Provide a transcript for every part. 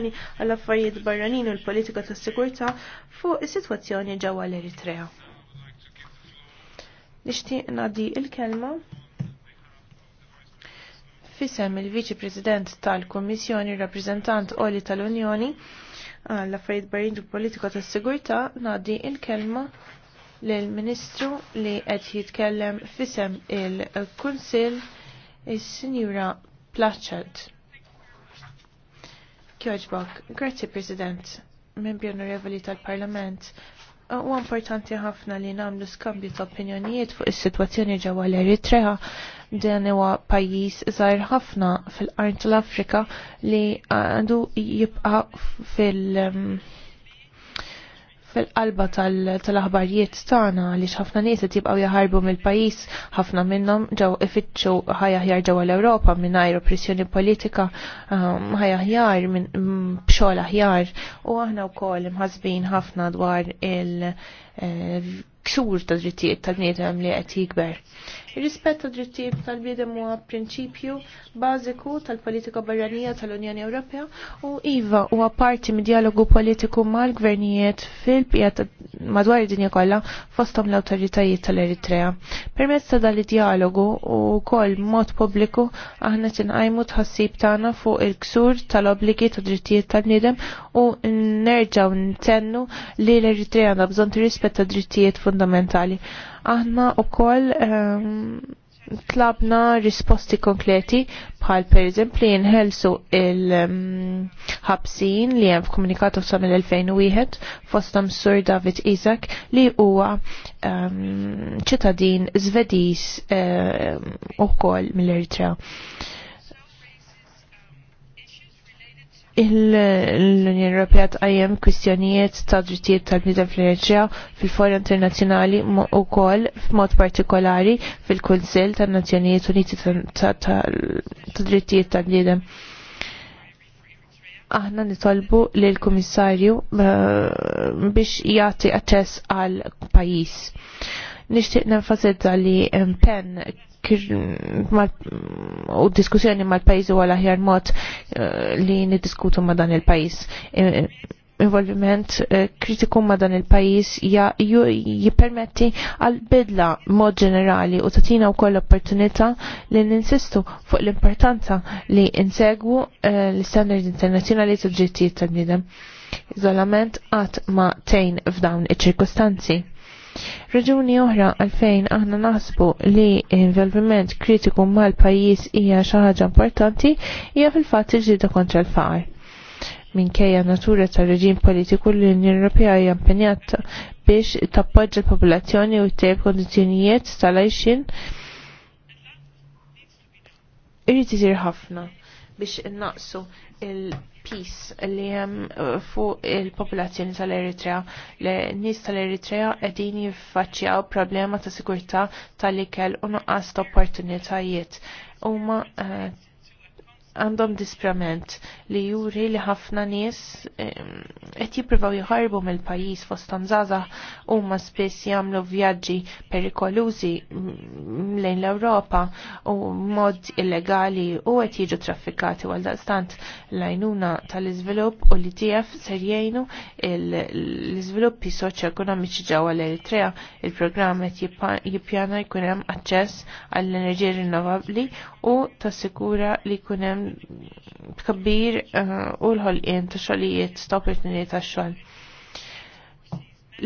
l għall-Affarijiet Barranin u l-Politika tas-Sigurtà fuq is-sitwazzjoni ġewwa l-Eritrea. Nixtieq ngħaddi il-kelma fisem il-Viċi President tal-Kummissjoni rappreżentant Oli tal-Unjoni għall-Affarijiet Barranin u l-Politika tas-Sigurtà ngħaddi il-kelma lill-Ministru li qed jitkellem fisem il-Kunsill is-Sinjura Plachet. Kjoġbok, grazzi President, membri onorevoli tal-Parlament. U importanti ħafna li namlu skambju ta' opinjonijiet fuq is-sitwazzjoni ġewwa l-Eritrea dan huwa pajjiż żgħir ħafna fil-qarn tal-Afrika li għandu jibqa' fil- um, fil-qalba tal-aħbarijiet tagħna li ħafna nies qed jibqgħu jaħarbu mill-pajjiż, ħafna minnhom ġew ifittxu ħajaħjar ġewwa l-Ewropa mingħajr oppressjoni politika, um, ħajaħjar minn mm, b'xogħol aħjar u aħna wkoll imħasbin ħafna dwar il- eh, ksur ta' drittijiet tal-bniedem li qed jikber. Ir-rispett ta' drittijiet tal-bniedem huwa prinċipju bażiku tal-politika barranija tal-Unjoni Ewropea u iva huwa parti mid-dialogu politiku mal-gvernijiet fil-pijat madwar id-dinja kollha fosthom l-awtoritajiet tal-Eritrea. Permezz ta' dan dialogu u wkoll mod pubbliku aħna tinqajmu tħassib tagħna fuq il-ksur tal-obbligi ta' drittijiet tal-bniedem u nerġgħu ntennu li l-Eritrea għandha bżonn tirrispetta drittijiet fundamentali aħna wkoll ehm, tlabna risposti konkreti bħal per eżempli jinħelsu il-ħabsin ehm, li hemm f'komunikatu sa mill-2001 fostam Sur David Isaac li huwa ehm, ċittadin Zvediż ukoll mill-Eritrea. l-Unjoni Ewropea tqajjem kwistjonijiet ta' drittijiet tal-bniedem fl-enerġija fil-fora internazzjonali wkoll f'mod partikolari fil-Kunsill tan-Nazzjonijiet Uniti ta' drittijiet tal-bniedem. Aħna nitolbu li l-Kummissarju eh, biex jagħti aċċess għal pajjiż. Nixtieq nenfasizza li pen u diskussjoni mal-pajjiż u l-aħjar mod eh, li niddiskutu ma' dan il-pajjiż eh, eh, involviment kritiku ma' dan il-pajis jippermetti għal bidla mod ġenerali u tatina u koll opportunita li ninsistu fuq l-importanza li insegwu l-standard internazjonali ta' ġittijiet tal-bnidem. Izolament għat ma' tejn f'dawn iċ-ċirkostanzi. Raġuni oħra għalfejn aħna naħsbu li involviment kritiku mal-pajjiż hija xi ħaġa importanti hija fil-fatt il kontra l-faqar minkejja natura tal-reġim politiku li l-Unjoni Ewropea hija impenjata biex tappoġġa l-popolazzjoni u ttejb kondizzjonijiet tal-għajxin Irid isir ħafna biex innaqsu il- peace li jem eh, fuq il-popolazzjoni tal-Eritrea. L-nis tal-Eritrea edini jiffaċċjaw problema ta' sigurta tal-ikel u nuqqas ta' opportunitajiet. Uma uh, eh, għandhom disprament li juri li ħafna nies qed jippruvaw jħarbu mill-pajjiż fost tanżaza huma spiss jagħmlu vjaġġi perikolużi lejn l-Ewropa u mod illegali u qed jiġu traffikati għal daqstant l-għajnuna tal-iżvilupp u li tiegħek ser jgħinu l-iżviluppi soċjoekonomiċi ġewwa l-Eritrea. Il-programm qed jippjana jkun hemm aċċess għall-enerġija rinnovabbli u tassikura li jkun hemm tkabbir eh, u l-ħolqien ta' xogħlijiet ta' tax-xogħol.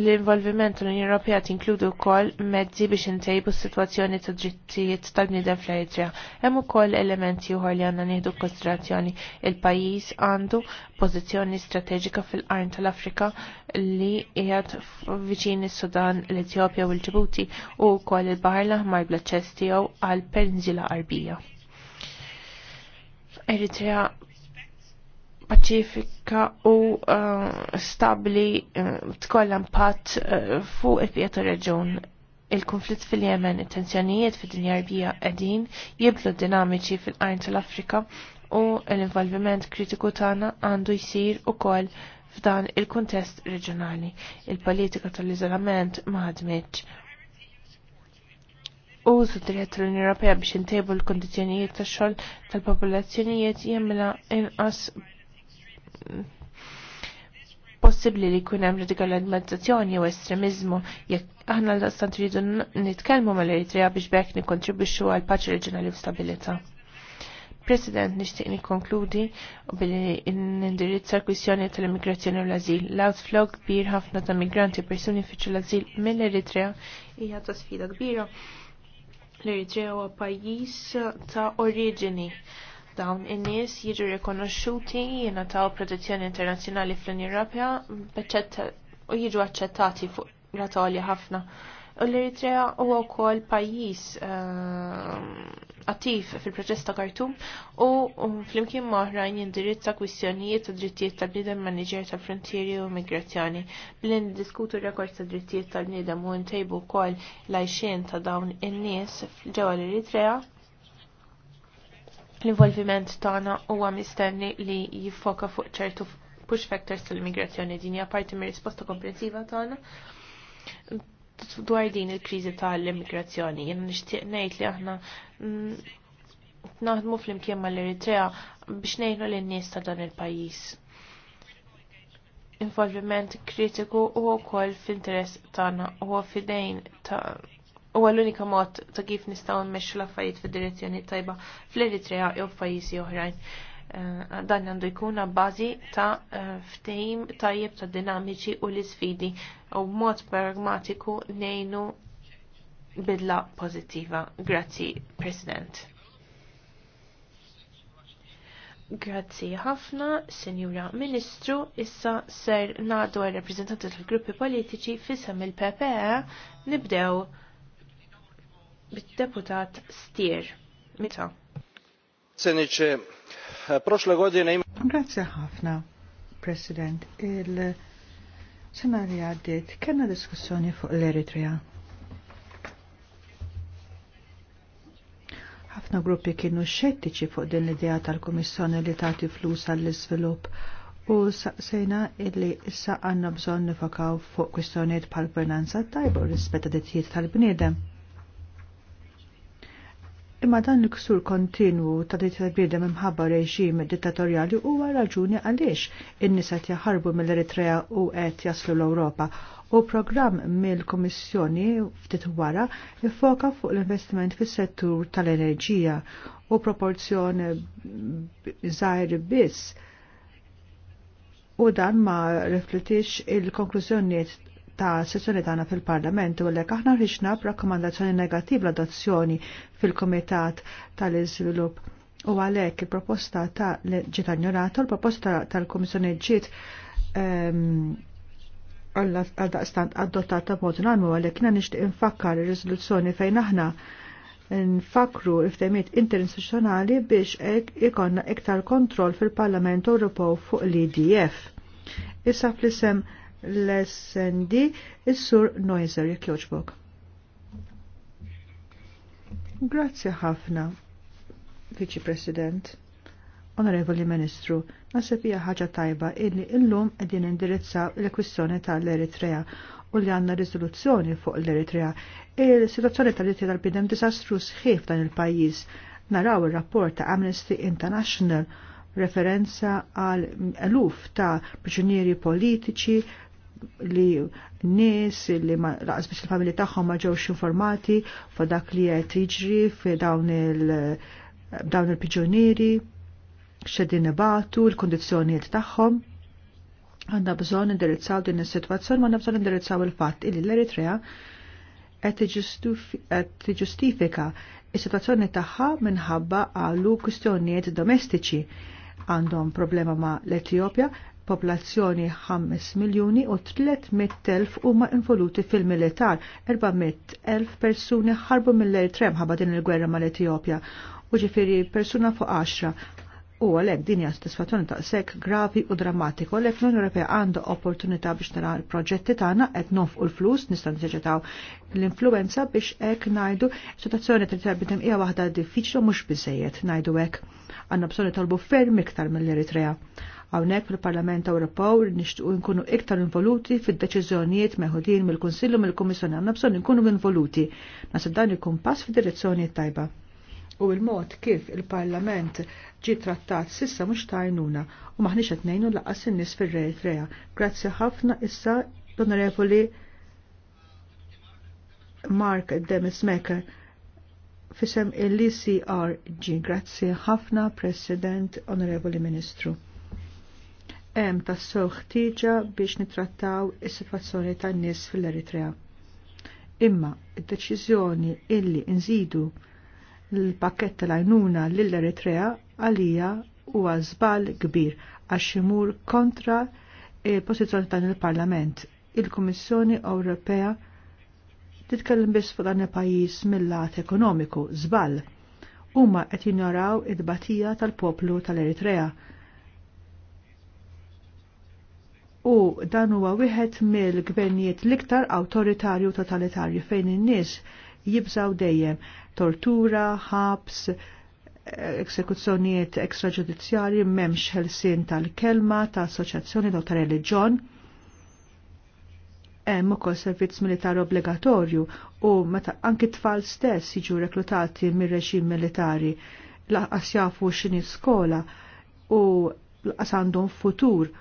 L-involviment tal-Unjoni Ewropea tinkludu wkoll mezzi biex intejbu s-sitwazzjoni ta' drittijiet tal-bniedem fl-Eritrea. Hemm ukoll elementi oħra li għandna nieħdu konsiderazzjoni. Il-pajjiż għandu pożizzjoni strateġika fil-qarn tal-Afrika li qiegħed viċin is-Sudan, l-Etjopja u l-Ġibuti u wkoll il-Baħar l-Aħmar bl-aċċess tiegħu għall-Peniżola Qarbija. Eritrea paċifika u eh, stabli uh, eh, pat impatt eh, fuq il-bqija tar-reġun. Il-konflitt fil-Jemen, it-tensjonijiet fid-dinja rbija qegħdin jiblu dinamiċi fil qajn tal-Afrika u l-involviment kritiku tagħna għandu jsir ukoll f'dan il-kuntest reġjonali. Il-politika tal-iżolament ma ħadmitx użu dirett l-Unjoni Ewropea biex intejbu l kondizjonijiet tax-xogħol tal-popolazzjonijiet jemmela inqas possibbli li jkun hemm radikalizzazzjoni jew estremizmu jekk aħna l-istant rridu nitkellmu mal-Eritrea biex bekk nikkontribwixxu għal paċi reġjonali u stabilità. President, nixtieq nikkonkludi billi nindirizza l-kwistjoni tal-immigrazzjoni u l-azil. L-outflow kbir ħafna ta' migranti persuni fiċu l-azil mill-Eritrea hija ta' sfida kbira l irġew huwa pajjiż ta' oriġini. Dawn in-nies jiġu rikonoxxuti jingħataw protezzjoni internazzjonali fl-Unjoni Ewropea u jiġu aċċettati fuq ratoli ħafna. L-Eritrea huwa wkoll pajjiż ehm, attiv fil-proċess ta' Khartoum u um, flimkien maħrajn jindirizza kwistjonijiet ta' drittijiet tal-bniedem maniġer ta' frontieri u migrazzjoni. Billi niddiskutu rekord ta' drittijiet tal bnidem u ntejbu wkoll l ta' dawn in-nies ġewwa l-Eritrea l-involviment tagħna huwa mistenni li jiffoka fuq ċertu push factors tal-immigrazzjoni din hija parti mir-risposta komprensiva tagħna dwar din il-kriżi tal-immigrazzjoni. Jena nixtieq ngħid li aħna mm, naħdmu fl-imkien mal-Eritrea biex ngħinu lin-nies ta' dan il-pajjiż. Involviment kritiku u wkoll fl-interess tagħna huwa fidejn ta' huwa l-unika mod ta' kif nistgħu nmexxu l-affarijiet fid-direzzjoni tajba fl-Eritrea jew f'pajjiżi oħrajn. Eh, dan għandu jkun bazi ta' eh, ftehim tajjeb ta' dinamiċi u l-isfidi u mod pragmatiku nejnu bidla pozittiva. Grazzi, President. Grazzi ħafna, Senjura Ministru, issa ser nadu għal reprezentanti tal-gruppi politiċi fissam il-PPE nibdew bit-deputat Stier. Mita. Senice, prošle godine ima... Grazie ħafna, President. Il-senari għaddit, kena diskussjoni fuq l-Eritrea. ħafna gruppi kienu xettiċi fuq din l-idea tal-Komissjoni li tagħti flus għall-iżvilupp u saqsejna illi issa għandna bżonn nifokaw fuq kwistjonijiet bħal gvernanza tajba u rispetta dittijiet tal-bniedem. Imma dan l-ksur kontinu ta' ditta bidem imħabba reġim dittatorjali huwa raġuni għaliex in-nisa jaħarbu mill-Eritrea u qed jaslu l-Ewropa u programm mill komissjoni ftit wara ifoka fuq l-investiment fis-settur tal-enerġija u proporzjon żgħir biss u dan ma riflettix il-konklużjonijiet ta' sessjoni tagħna fil-Parlament u għalhekk aħna ħriġna b'rakkomandazzjoni negattiv l-adozzjoni fil-Kumitat tal-Iżvilupp. U għalhekk il-proposta ta' ġiet anjorata, l-proposta tal-Kummissjoni ġiet ehm, għal-daqstant adottata b'mod unanmu għalhekk kiena nixtieq infakkar ir-riżoluzzjoni fejn aħna nfakru l-ftemiet interinstituzzjonali biex ikonna iktar kontroll fil-Parlament Ewropew fuq l-IDF. Issa fl-isem l-SND il-Sur Noiser jek joġbok. Grazie ħafna, Viċi President. Onorevoli Ministru, nasib hija ħaġa tajba illi illum qegħdin indirizzaw l kwistjoni tal-Eritrea u li għandna riżoluzzjoni fuq l-Eritrea. Il-sitwazzjoni tal-Eritrea tal-bidem disastru sħiħ dan il-pajjiż. Naraw ir-rapport ta' Amnesty International referenza għal eluf ta' priġunieri politiċi, li nies li laqas biex il-familji tagħhom ma ġewx informati fa' dak li qed jiġri f'dawn il dawn il-piġunieri x'edin ibatu l-kondizzjonijiet tagħhom. Għandna bżonn indirizzaw din is-sitwazzjoni, ma bżonn indirizzaw il-fatt li l-Eritrea qed tiġustifika is-sitwazzjoni tagħha minħabba għalu kwistjonijiet domestiċi għandhom problema ma' l-Etjopja popolazzjoni 5 miljoni u 300.000 huma involuti fil-militar, 400.000 persuni ħarbu mill-Eritrem ħabba din il-gwerra mal-Etiopja, u ġifiri persuna fuq 10. U għalek din hija ta' sekk gravi u drammatiku għalek l-Unjoni Ewropea għandu opportunità biex nara l-proġetti tagħna qed nofqu l-flus nista' nseġetaw l-influenza biex hekk ngħidu situazzjoni trid tarbidem hija waħda diffiċli u mhux biżejjed ngħidu hekk. Għandna bżonn talbu ferm iktar mill-Eritrea Hawnhekk fil-Parlament Ewropew nixtiequ nkunu iktar involuti fid-deċiżjonijiet meħudin mill u mill-Kummissjoni għandna bżonn inkunu involuti. Nasib dan ikun pass fid-direzzjoni tajba. U il-mod kif il-Parlament ġi trattat sissa mhux tajnuna u maħniex qed ngħinu laqas in-nies fir-Eritrea. Grazzi ħafna issa l-Onorevoli Mark Demismaker fisem il-ECRG. Grazzi ħafna, President, Onorevoli Ministru hemm tassew ħtieġa biex nitrattaw is-sitwazzjoni tan-nies fil-Eritrea. Imma id-deċiżjoni illi nżidu l-pakket tal-għajnuna lill-Eritrea għalija huwa żball kbir għax imur kontra il-pożizzjoni tan il-Parlament. Il-Kummissjoni Ewropea titkellem biss fuq dan il-pajjiż mill-lat ekonomiku żball. Huma qed jinoraw id-batija tal-poplu tal-Eritrea u dan huwa wieħed mill-gvernijiet l-iktar awtoritarju totalitarju fejn in-nies jibżaw dejjem tortura, ħabs, eksekuzzjonijiet ekstraġudizzjarji m'hemmx ħelsien tal-kelma, ta' assoċjazzjoni ta' reliġjon hemm ukoll servizz militari obbligatorju u meta anki tfal stess jiġu reklutati mir-reġim militari laqas jafu x'inhi skola u laqas għandhom futur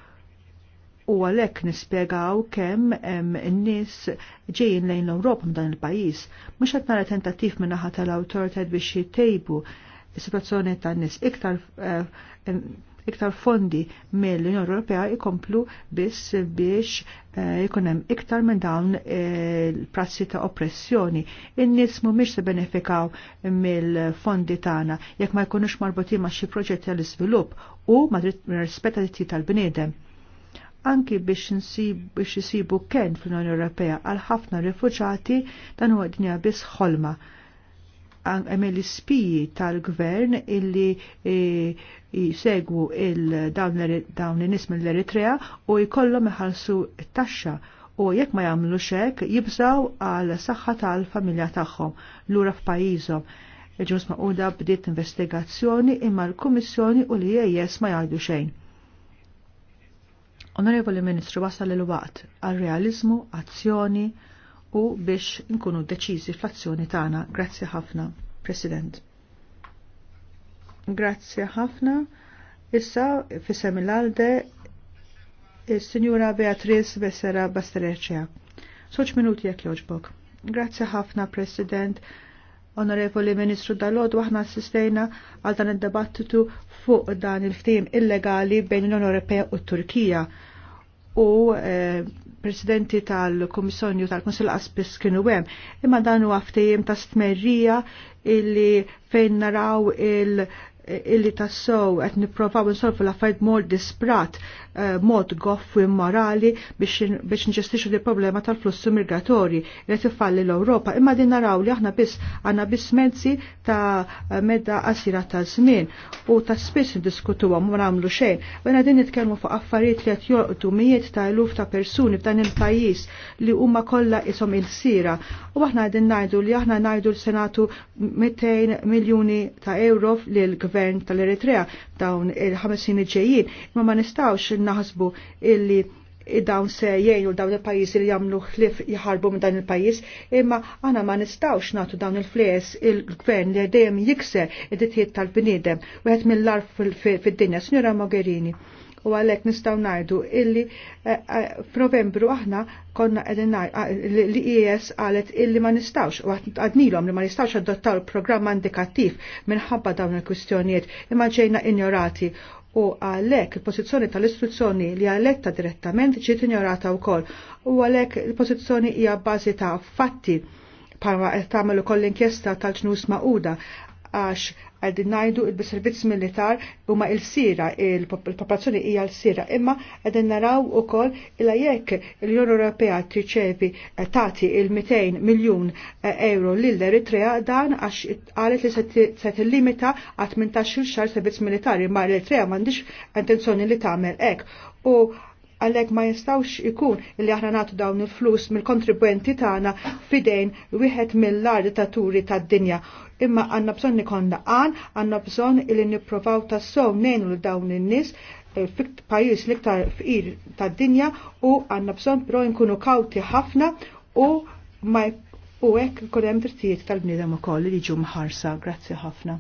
u għalek nispiegaw kem n-nis ġejjin lejn l-Europa mdan il-pajis, mux għat nara tentativ minnaħa tal-autoritet biex jittejbu situazzjoni ta' nis iktar eh, iktar fondi mill-Unjoni Ewropea ikomplu biss biex ikun eh, hemm iktar minn dawn eh, l prassi ta' oppressjoni. In-nies mhumiex se benefikaw mill-fondi tagħna jekk ma jkunux marbutin ma' xi proġetti għall-iżvilupp u ma' rispetta tal-bniedem anki biex biex jisibu ken fl-Unjoni Ewropea għal ħafna rifuġati dan huwa dinja biss ħolma. Hemm l-ispiji tal-gvern illi e, jsegwu il-dawn l-nies mill-Eritrea u jkollhom iħallsu t-taxxa u jekk ma jagħmlu xek jibżaw għal saħħa tal-familja tagħhom lura f'pajjiżhom. Ġusma u da bdiet investigazzjoni imma l-Kummissjoni u l-IES ma jgħidu xejn Onorevoli Ministru, wasal il-waqt għal realizmu, azzjoni u biex nkunu deċizi fl-azzjoni tagħna. Grazzi ħafna, President. Grazzi ħafna. Issa fissem l-alde il-Sinjura Beatriz Vesera Bastereċja. Soċ minuti jek joġbok. Grazzi ħafna, President. Onorevoli Ministru Dalod, waħna assistejna għal dan id-debattitu fuq dan il-ftim illegali bejn l-Unjoni Ewropea u t Turkija u eh, presidenti tal u tal-Konsil Aspis kienu hemm. Imma dan huwa ftehim ta' stmerrija illi fejn naraw il- illi tassow qed nipprovaw insolfu l-affarijiet mod disprat, eh, mod goff u immorali biex nġestixu li problema tal-flussu migratorji li qed l-Ewropa. Imma din naraw li aħna biss għandna biss mezzi ta' medda asira ta' żmien u ta' spiss għam u nagħmlu xejn. Bena mela din nitkellmu fuq affarijiet li qed jorqtu mijiet ta' eluf ta' persuni f'dan il-pajjiż li huma kollha ishom il-sira. U aħna qegħdin ngħidu li aħna ngħidu l-Senatu 200 miljuni ta' euro l gvern gvern tal-Eritrea dawn il ħamessin ġejjin, ma ma nistawx naħsbu illi dawn se jgħinu dawn il pajis li jagħmlu ħlif jħarbu minn dan il-pajjiż, imma aħna ma nistawx nagħtu dawn il-fles il-gvern li dejjem jikse id-dittijiet tal u wieħed mill-arf fid-dinja, Signora Mogherini u għalek nistaw najdu illi eh, eh, f'Novembru aħna konna edin ah, li IES għalet illi ma nistawx u għadnilom li ma nistawx adottaw il-programma indikattiv minħabba dawn il-kwistjonijiet imma ġejna ignorati u għalek il-pozizjoni tal-istruzzjoni li għaletta direttament ġiet ignorata wkoll u għalek il-pozizjoni hija bażi ta' fatti parma tagħmel ukoll l-inkjesta tal-ġnus uda għax għaddi najdu il-servizz militar u ma il-sira, il-popolazzjoni hija l-sira, imma għaddi naraw u koll illa jekk l-Unjoni Ewropea triċevi eh, tati il-200 miljon eh, euro l eritrea dan għax għalet li se tillimita għat 18 xar servizz militari, ma l-Eritrea mandiġ intenzjoni li tagħmel hekk. U għalhekk ma jistawx ikun li aħna natu dawn il-flus mill-kontribwenti tagħna fidejn wieħed mill-ar taturi tad-dinja. Imma għandna bżonn nikonna għan, għandna bżonn li nipprovaw sow nejnu l dawn in-nies eh, pajjiż l-iktar fqir tad-dinja u għandna bżonn però nkunu kawti ħafna u ma u hekk ikun hemm drittijiet tal-bniedem ukoll li jiġu mħarsa. Grazzi ħafna.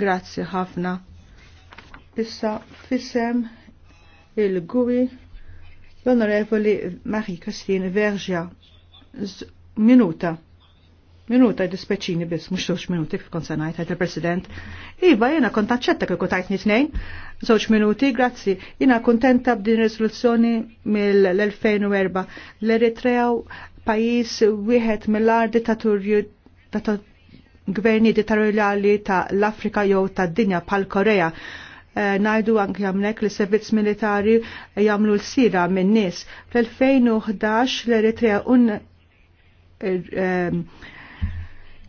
Grazzi ħafna issa fissem il-gui l-onorevoli Marie Christine Vergia. Minuta. Minuta dispeċini bis, mux zoċ minuti kif kon sanajt, għajt il-President. Iva, jena kont taċċetta kif kutajt nitnejn, zoċ minuti, grazzi. Jena kontenta b'din risoluzzjoni mill-2004. L-Eritrea pajis wieħed mill-ar dittaturju gverni dittatorjali ta' l-Afrika jew ta' dinja pal-Korea Eh, najdu anki jamnek li servizz militari jamlu l-sira minn nis. Fl-2011 l-Eritrea un er, eh,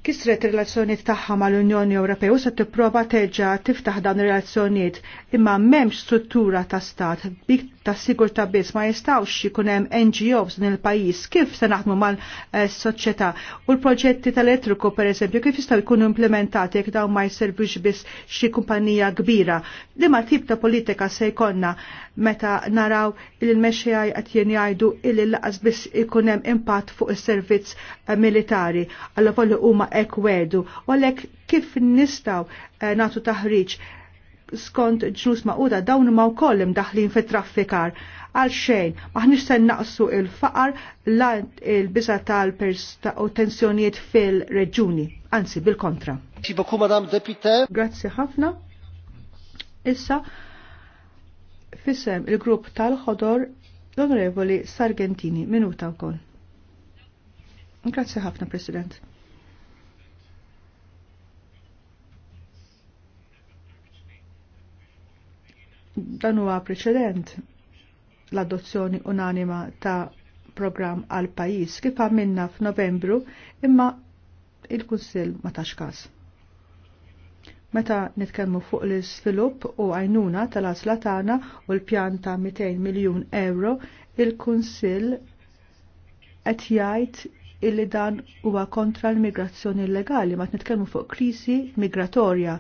kisret relazzjoniet tagħha mal-Unjoni Ewropea u se tipprova terġa' tiftaħ dan ir-relazzjonijiet imma m'hemmx struttura ta' stat dik ta' sigurtà biss ma jistgħux jkun hemm NGOs il pajjiż kif se naħdmu mal-soċjetà u l-proġetti tal-elettriku pereżempju kif jistgħu jkunu implementati jekk dawn ma jservux biss xi kumpanija kbira. Liema tip ta' politika se jkollna meta naraw il-mexxejaj qed jien jgħidu il-laqas biss ikun hemm impatt fuq is-servizz militari. Alla volli huma ek wedu, u għalek kif nistaw eh, natu taħriċ skont ġnus maquda dawn ma wkoll daħlin fit traffikar għal xejn, maħnix se naqsu il-faqar la il-biża tal pers u tensjoniet fil-reġuni, anzi bil-kontra. Grazzi ħafna. Issa, fissem il-grupp tal-ħodor l-Onorevoli Sargentini, minuta wkoll. Grazie ħafna, President. dan huwa preċedent l-adozzjoni unanima ta' program għal pajis kif għamilna f'Novembru imma il-Kunsill ma tax każ. Meta nitkellmu fuq l-svilupp u għajnuna tal-asla tagħna u l-pjan ta' 200 miljun euro, il-Kunsill qed jgħid illi dan huwa kontra l-migrazzjoni illegali ma nitkellmu fuq krisi migratorja.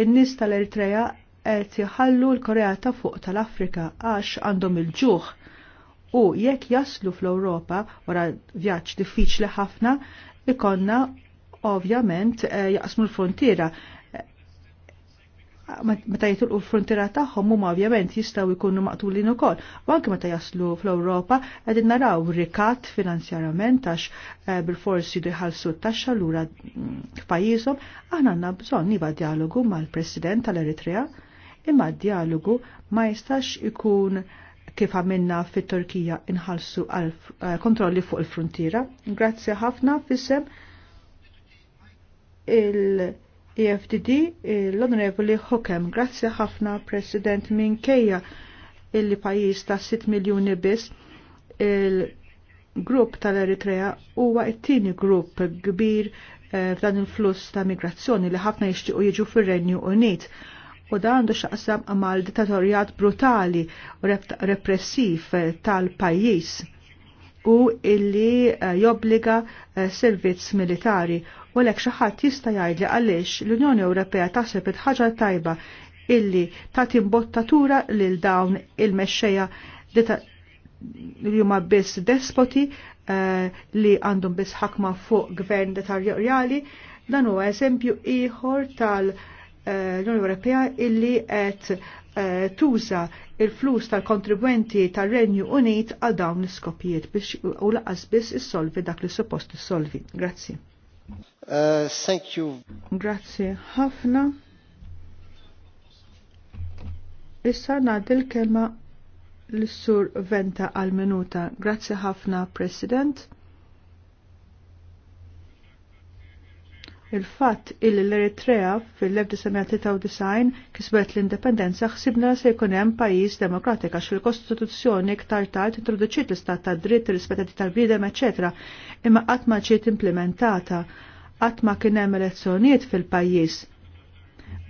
In-nies tal-Eritrea qed jħallu l-Korea ta' fuq tal-Afrika għax għandhom il-ġuħ u jekk jaslu fl-Ewropa wara vjaġġ diffiċli ħafna ikonna ovvjament eh, jaqsmu l-frontiera eh, meta jitilqu l-frontiera tagħhom huma ovvjament jistgħu jkunu maqtulin ukoll. U anke meta jaslu fl-Ewropa qegħdin naraw rikat finanzjarament għax eh, bil-forsi jħallsu t-taxxa lura mm, f'pajjiżhom, aħna għandna bżonn iva dialogu mal-President tal-Eritrea imma d-dialogu ma jistax ikun kif għamilna fit turkija inħalsu għal eh, kontrolli fuq il-frontiera. Grazzi ħafna fissem il-EFDD l-Onorevoli Hokem. Grazzi ħafna President minkejja illi pajis ta' 6 miljoni biss il-grupp tal-Eritrea huwa it-tieni grupp kbir eh, f'dan il-fluss ta' migrazzjoni li ħafna jixtiequ jiġu fir-Renju Unit u da għandu xaqsam mal dittatorjat brutali u repressiv tal-pajis u illi eh, jobbliga eh, servizz militari u l-ek xaħat jista jgħidli għalix l-Unjoni Ewropea taħseb ħaġa tajba illi ta' timbottatura lil dawn il-mexxejja li huma biss despoti eh, li għandhom biss ħakma fuq gvern detarjorjali dan huwa eżempju ieħor tal- uh, l-Unjoni Ewropea illi qed eh, tuża il-flus tal-kontribwenti tal-Renju Unit għal dawn l-iskopijiet biex u laqas biss issolvi dak li suppost issolvi. Grazzi. Uh, thank you. Grazzi ħafna. Issa ngħaddi kelma l-sur Venta għal-minuta. Grazzi ħafna, President. Il-fatt illi l-Eritrea fil-1993 kisbet l-indipendenza ħsibna se jkun hemm pajjiż demokratika xil kostituzzjoni iktar tard introduċiet l-istat ta' dritt, rispettati tal bidem eċetera, imma qatt ma ġiet implementata, qatt ma kien hemm elezzjonijiet fil-pajjiż.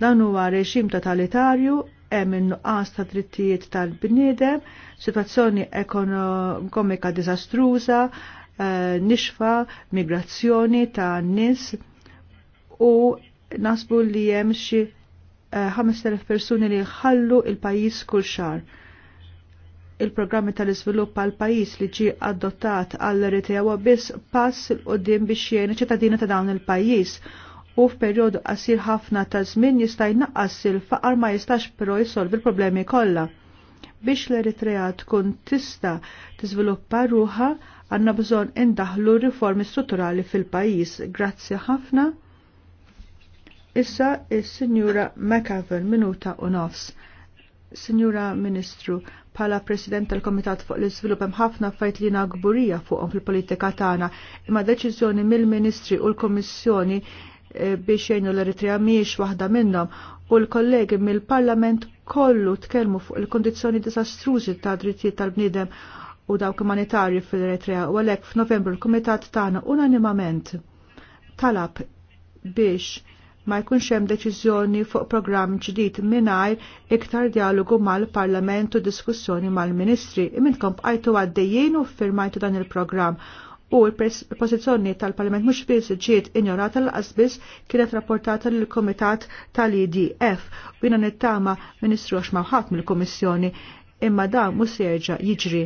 Dan huwa reġim totalitarju hemm in-nuqqas ta' drittijiet tal-bniedem, sitwazzjoni ekonomika diżastruża, eh, nixfa, migrazzjoni ta' nis u nasbu li hemm xi 5000 eh, persuni li jħallu il-pajjiż kull xar. Il-programmi tal-iżvilupp għal pajjiż li ġie adottat għall eritrea huwa biss pass il qudiem biex jgħin ċittadina ta' dawn il-pajjiż u f'perjodu qasir ħafna ta' żmien jista' jnaqqas il-faqar ma jistax però jsolvi l-problemi kollha biex l-Eritrea tkun tista tiżviluppa ruħa għandna bżonn indaħlu riformi strutturali fil pajjiż Grazzi ħafna. Issa il sinjura McAvan minuta u nofs. Sinjura Ministru, pala President tal-Komitat fuq l svilup hemm ħafna fajt li gburija fuqhom fil-politika tagħna, imma deċiżjoni mill-Ministri u l-Kommissjoni eh, biex jgħinu l-Eritrea miex waħda minnhom u l-kollegi mill-Parlament kollu tkellmu fuq il-kondizzjoni disastrużi ta' drittijiet tal-bniedem u dawk umanitarji fil-Eritrea u għalhekk f'Novembru l-Kumitat tagħna unanimament talab biex ma jkunx hemm deċiżjoni fuq programm ġdid mingħajr iktar dialogu mal-Parlament u diskussjoni mal-Ministri. Imintkom bqajtu għaddejjien u firmajtu dan il-programm u l-pozizjoni tal-Parlament mhux biss ġiet injorata l-qasbis kienet rapportata lill komitat tal-IDF u jiena nittama Ministru għax mawħat mill-Kummissjoni imma dan mhux jerġa' jiġri.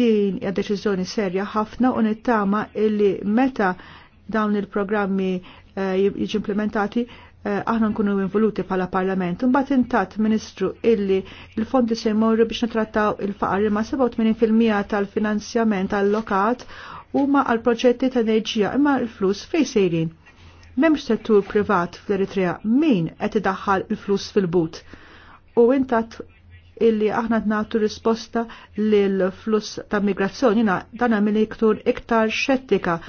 Din hija deċiżjoni serja ħafna u nittama illi meta dawn il-programmi eh, jiġi implementati eh, aħna nkunu involuti bħala parlament. Imbagħad intat ministru illi l fondi se jmorru biex nitrattaw il-faqar imma 87% tal-finanzjament allokat huma għal proġetti ta' enerġija imma l-flus fej sejrin. M'hemmx settur privat fl-Eritrea min qed idaħħal il-flus fil-but. U intat illi aħna t-natu risposta l flus ta' migrazzjoni, dan għamil iktar xettika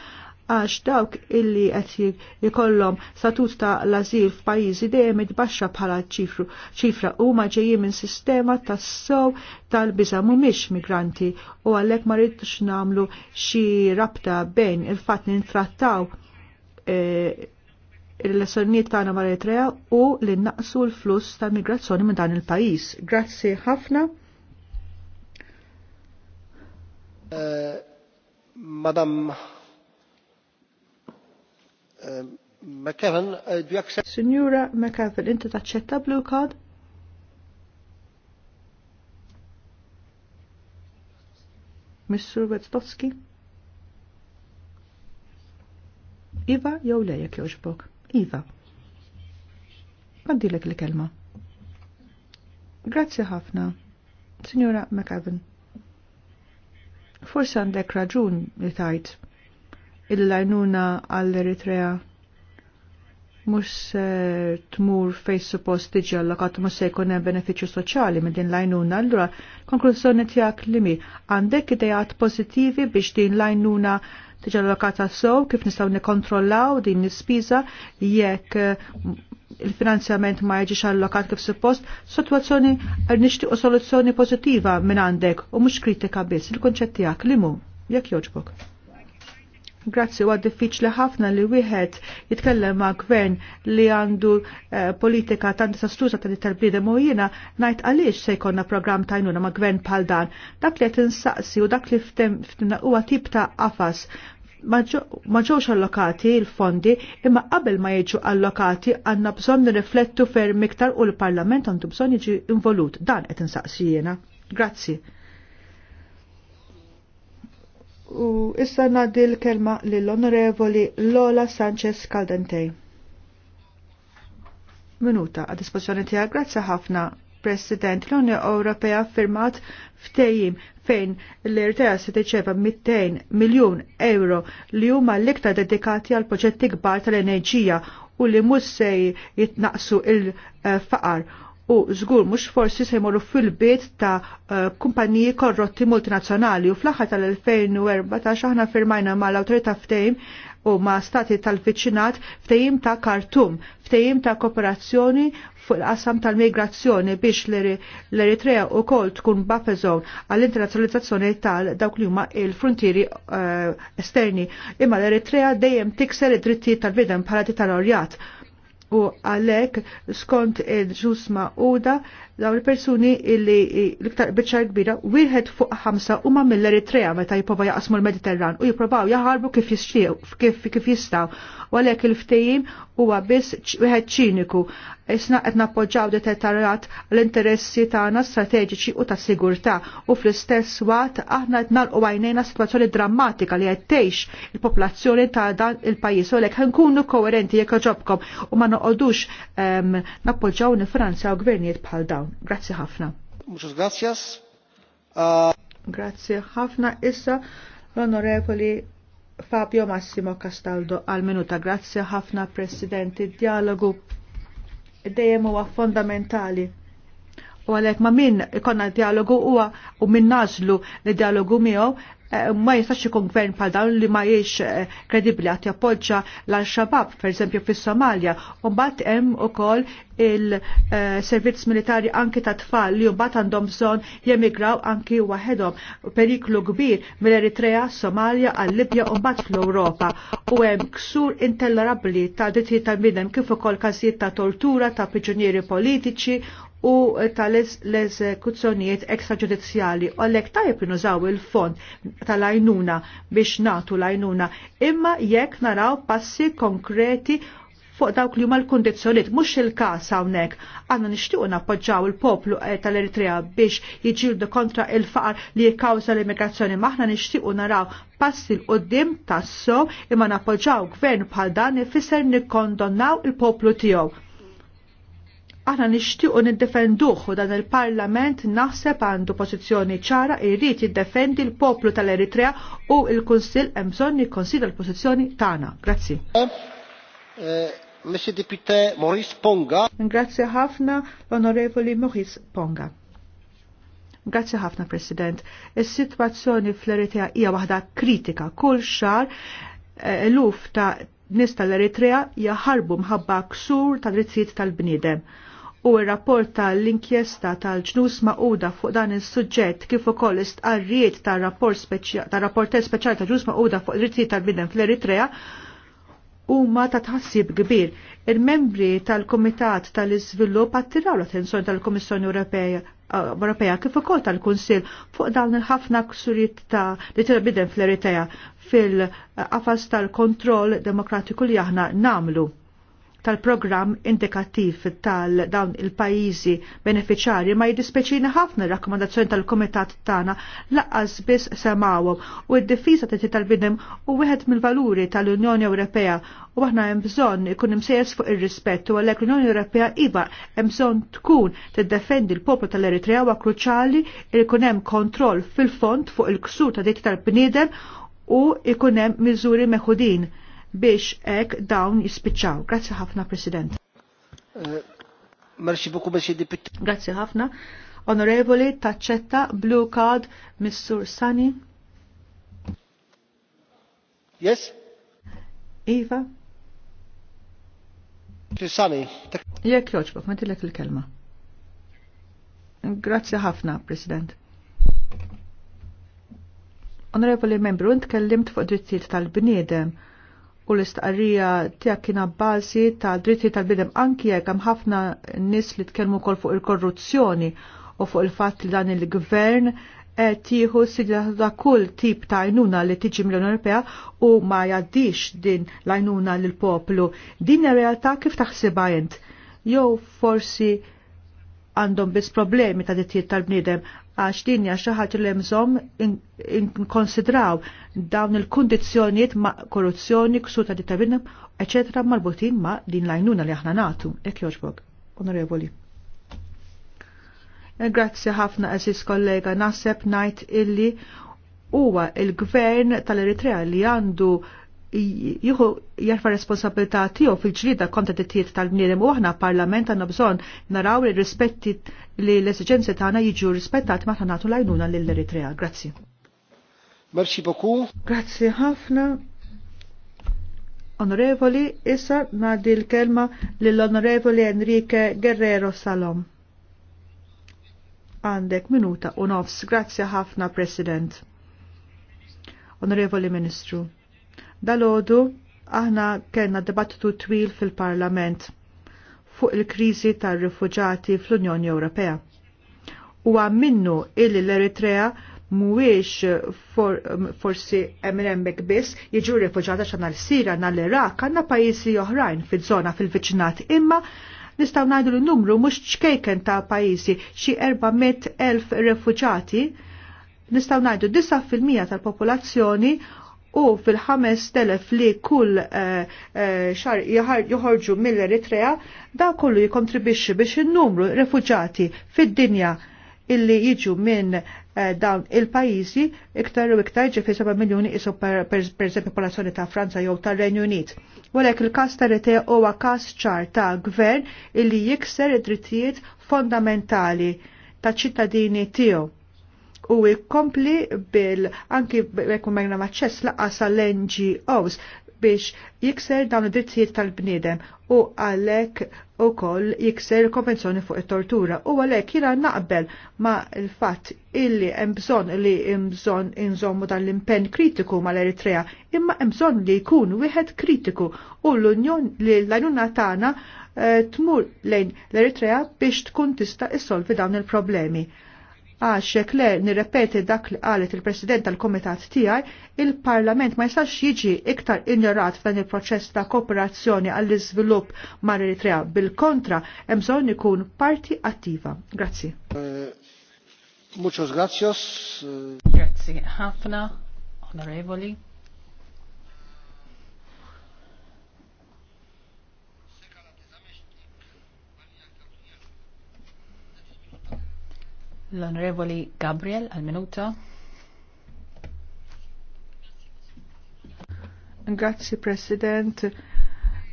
għax dawk illi qed jkollhom statut ta' l-azil f'pajjiżi dejjem itbaxxa bħala ċifru ċifra huma ġejjin minn sistema tas-sew tal-biża mhumiex migranti u għalhekk ma rridux nagħmlu xi rabta bejn il-fatt nintrattaw e, il lessonijiet tagħna mal-Eritrea u li naqsu l-fluss ta' migrazzjoni minn dan il-pajjiż. Grazzi ħafna. Eh, Madam McKevin, uh, do you accept? Signora McKevin, inti taċċetta blue card? Mr. Wetzlowski? Iva jew lejek joġbok? Iva. Għaddilek li kelma Grazzi ħafna, Signora McAvan. Forse għandek raġun li tajt il-lajnuna għall-Eritrea mux ser tmur fej suppost tiġi allokat mux se jkun hemm benefiċċju soċjali minn din lajnuna. Allura, konklużjoni tiegħek li mi għandek idejat pożittivi biex din lajnuna tiġi allokata sow kif nistgħu nikkontrollaw din l-ispiża jekk eh, il-finanzjament ma jiġix allokat kif suppost, situazzjoni nixtiequ soluzzjoni pożittiva minn għandek u mhux kritika biss il-konċett tiegħek li mu jekk jogħġbok. Grazzi huwa diffiċli ħafna li wieħed jitkellem ma' gvern li għandu eh, politika tant disastruża ta' tal-bniedem u jiena ngħid għaliex se jkollna programm tajnuna ma' gvern bħal dan. Dak li qed insaqsi u dak li ftemna huwa tip ta' qafas ma ġewx allokati il-fondi imma qabel ma jiġu allokati għandna bżonn nirriflettu ferm iktar u l-Parlament għandu bżonn jiġi involut. Dan qed insaqsi jiena. Grazzi. U issa naddi l-kelma lill-Onorevoli Lola Sanchez Caldentej. Minuta għad dispożizzjoni tija, grazzi ħafna President l-Unja Ewropea firmat ftejim fejn l-Eritrea se tiċeva 200 miljun euro li huma l-iktar dedikati għal proġetti kbar tal-enerġija u li mhux se jitnaqsu il-faqar u żgur mhux forsi se jmorru fil-bit ta' eh, kumpaniji korrotti multinazzjonali u fl-aħħar tal-2014 aħna firmajna mal-awtorità ftehim u ma' stati tal-viċinat ftehim ta' Kartum, ftehim ta' kooperazzjoni fuq il-qasam tal-migrazzjoni biex l-Eritrea u kol tkun bafezon għall-internazzjonalizzazzjoni tal-dawk li huma il-frontieri eh, esterni. Imma l-Eritrea dejjem tikser id-dritti tal videm bħala tal-orjat u għalek skont il-ġusma uda daw il-persuni illi l-iktar bieċar kbira wieħed fuq ħamsa u ma mill-Eritrea meta jiprofa jaqsmu l-Mediterran u jiprofaw jaħarbu kif jistaw kif jistaw u għalek il-ftejim huwa biss wieħed ċiniku isna qed nappoġġaw detettarat l-interessi tagħna strateġiċi u ta' sigurtà u fl-istess waqt aħna qed nagħlqu għajnejna sitwazzjoni drammatika li qed tgħix il-popolazzjoni ta' dan il-pajjiż u lek nkunu koerenti jekk ġobkom u ma noqogħdux ehm, nappoġġaw nifranza u gvernijiet bħal dawn. Grazzi ħafna. Muchas gracias. Grazzi ħafna issa l-onorevoli Fabio Massimo Castaldo għal minuta. Grazzi ħafna Presidenti, dialogu dejjem huwa fondamentali. U għalhekk ma' min ikonna dialogu huwa u min nażlu li dialogu miegħu Eh, ma jistax ikun gvern bħal dawn li ma jiex eh, kredibbli għat jappoġġa l-Al-Shabaab, per eżempju fis-Somalja, u mbagħad hemm ukoll il-servizz eh, militari anki ta' tfal li mbagħad għandhom bżonn jemigraw anki waħedhom periklu kbir mill-Eritrea, Somalja għall libja u mbagħad fl-Ewropa. U hemm ksur intellerabbli ta' drittijiet tal-bidem kif ukoll każijiet ta' tortura ta' priġunieri politiċi u tal-eżekuzzjonijiet ekstraġudizzjali u għalhekk tajb nużaw il-fond tal ajnuna biex natu l ajnuna imma jekk naraw passi konkreti fuq dawk li huma l-kondizzjoniet mhux il-każ hawnhekk. Għandna nixtiequ nappoġġaw il-poplu eh, tal-Eritrea biex jiġildu kontra il-faqar li jikkawża l-immigrazzjoni maħna nixtiequ naraw passi l qoddim tassu imma nappoġġaw gvern bħal dan ifisser nikkondonnaw il-poplu tiegħu aħna nixtiequ niddefenduh u dan il-Parlament naħseb għandu pożizzjoni ċara irrid jiddefendi l-poplu tal-Eritrea u l-Kunsill hemm bżonn jikkonsidra l-pożizzjoni tagħna. Grazzi. Mr. Deputé Maurice Ponga. Grazie ħafna l-Onorevoli Maurice Ponga. Grazie ħafna, President. Is-sitwazzjoni fl-Eritrea hija waħda kritika. Kull xar eh, eluf ta' nista tal-Eritrea jaħarbu mħabba ksur tal-rizziet tal-bnidem u r-rapport tal-inkjesta tal-ġnus ma'uda fuq dan is-suġġett kif ukoll istqarrijiet tar-rapport tar rapport speċjali ta' ġnus ma'uda fuq drittijiet tal-bidem fl-Eritrea huma ta' tħassib kbir. Il-membri tal-Kumitat tal-Iżvilupp attiraw l-attenzjoni tal-Kummissjoni Ewropea kif ukoll tal-Kunsill fuq dawn il-ħafna ksurijiet ta' li tilbidem fl-Eritrea fil-qafas tal-kontroll demokratiku li aħna namlu tal-programm indikattiv tal-dawn il-pajizi beneficjari ma jidispeċina ħafna rakkomandazzjoni tal-komitat tana laqqas biss semawhom u d-difiża tagħti tal-bidem u wieħed mill-valuri tal-Unjoni Ewropea u aħna hemm bżonn ikun imsejjes fuq ir-rispett u għalhekk l-Unjoni Ewropea iva hemm bżonn tkun tiddefendi l-poplu tal-Eritrea huwa kruċali li jkun hemm kontroll fil-fond fuq il-ksur ta' dik tal-bniedem u ikun hemm miżuri meħudin biex ek dawn jispiċċaw. Grazzi ħafna, President. Eh, merci beaucoup, Monsieur Deputé. Grazzi ħafna. Onorevoli, taċċetta, blue card, Missur Sani. Yes? Iva? Sani. Jek joċbok, ma tillek il-kelma. Grazzi ħafna, President. Onorevoli membru, intkellimt fuq drittijiet tal-bniedem u l-istqarrija tiegħek kien abbażi ta' dritti tal-bidem anki jekk hemm ħafna nies li tkellmu wkoll fuq il-korruzzjoni u fuq il-fatt li dan il-gvern qed jieħu sigla ta' kull tip ta' għajnuna li tiġi mill Ewropea u ma jgħaddix din l-għajnuna lil poplu. Din ir-realtà kif taħsibha int? Jew forsi għandhom biss problemi ta' dittijiet tal-bniedem għax din hija xi ħaġa li mżomm inkonsidraw dawn il-kundizzjonijiet ma' korruzzjoni, ksur ta' dittabilna, eċetera, marbutin ma' din l-għajnuna li aħna nagħtu. Ek jogħġbok, onorevoli. Eh, grazzi ħafna eżis kollega naħseb ngħid illi huwa il-gvern tal-Eritrea li għandu jieħu jarfa responsabilità tiegħu fil-ġrida kontra tittijiet tal-bniedem u aħna parlament għandna bżonn naraw li rispetti li l-esigenzi tagħna jiġu rispettati meta nagħtu lajnuna lill-Eritrea. Grazzi. Merci beaucoup. Grazzi ħafna. Onorevoli, issa nadi l-kelma lill-Onorevoli Enrique Guerrero Salom. Għandek minuta u nofs. Grazzi ħafna, President. Onorevoli Ministru Dalodu aħna kellna dibattitu twil fil-Parlament fuq il-kriżi tar-rifuġati fl-Unjoni Ewropea. Huwa minnu illi l-Eritrea mhuwiex for, forsi hemm biss jiġu rifuġata x'għandna l-Sira, għandna l-Iraq, għandna pajjiżi oħrajn fiż-żona fil-viċinat imma nistaw najdu l numru mux ċkejken ta' pajizi xi 400.000 refuġati, nistaw najdu 9% tal-popolazzjoni u fil ħames telef li kull eh, eh, xar joħorġu mill-Eritrea, da kollu jikontribixxi biex il-numru refuġati fid-dinja illi jiġu minn eh, dawn il-pajizi iktar u iktar ġifi 7 miljoni isu per, popolazzjoni ta' Franza jew ta' Renju Unit. Walek il-kas ta' rete huwa kas ċar ta' gvern illi jikser id-drittijiet fondamentali ta' ċittadini tiegħu u jkompli bil anki jekk magna maċċess laqas għall-NGOs biex jikser dawn id-drittijiet tal-bniedem u għalhekk u koll jikser konvenzjoni fuq it-tortura u għalek jina naqbel ma l-fat illi mbżon li mbżon inżommu dan l-impen kritiku ma l-Eritrea imma mbżon li jkun wieħed kritiku u l-Unjon li l-għajnuna tana eh, tmur lejn l-Eritrea biex tkun tista' issolvi dawn il-problemi għax Kler nirrepeti dak li qalet il-President tal-Komitat tiegħi, il-Parlament ma jistax jiġi iktar ignorat f'dan il-proċess ta' kooperazzjoni għall-iżvilupp mar Eritrea. Bil-kontra, hemm bżonn ikun parti attiva. Grazzi. Eh, muchos gracias. Grazzi ħafna, onorevoli. L-Onorevoli Gabriel għal-minuta. Grazzi President.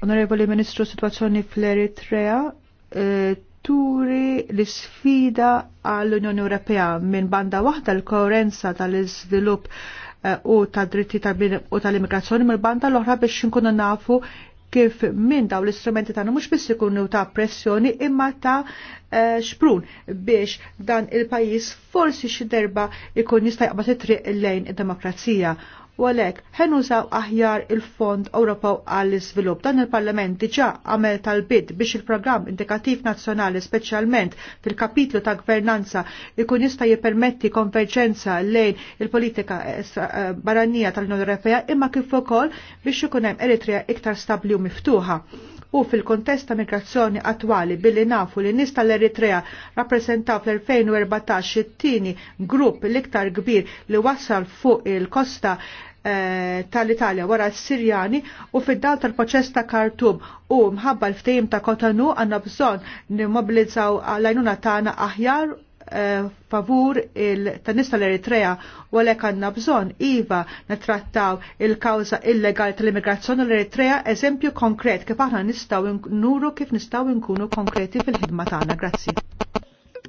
Onorevoli Ministru, situazzjoni fl-Eritrea eh, turi l-sfida għall-Unjoni Ewropea minn banda waħda l-koerenza tal-iżvilupp eh, u tad dritti u tal-immigrazzjoni mill banda l-oħra biex nkunu nafu kif minn daw l-istrumenti tagħna mhux biss ikunu ta' pressjoni imma ta' eh, xprun biex dan il-pajjiż forsi xi derba ikun jista' jaqbad it-triq lejn id-demokrazija U għalek, ħenu saw aħjar il-Fond Ewropew għall isvilupp Dan il-Parlament diġà għamel tal-bid biex il-programm indikativ nazzjonali speċjalment fil-kapitlu ta' gvernanza ikun jista' jippermetti konverġenza lejn il-politika eh, barranija tal-Unjoni Ewropea imma kif ukoll biex ikun hemm Eritrea iktar stabbli u miftuħa u fil-kontest ta' migrazzjoni attwali billi nafu li nista l-Eritrea rappresentaw fl-2014 it-tieni grupp l-iktar kbir li wassal fuq il-kosta Eh, tal-Italja wara s-Sirjani u fid-dal tal-proċess ta' Kartum u mħabba l-ftejim ta' Kotonu għanna bżon nimmobilizzaw l-għajnuna tagħna aħjar eh, favur il-tanista l-Eritrea u għalek għanna bżon iva natrattaw il-kawza illegali tal-immigrazzjoni l-Eritrea eżempju konkret kif aħna nistaw nuru kif nistaw nkunu konkreti fil-ħidma tagħna. Grazzi.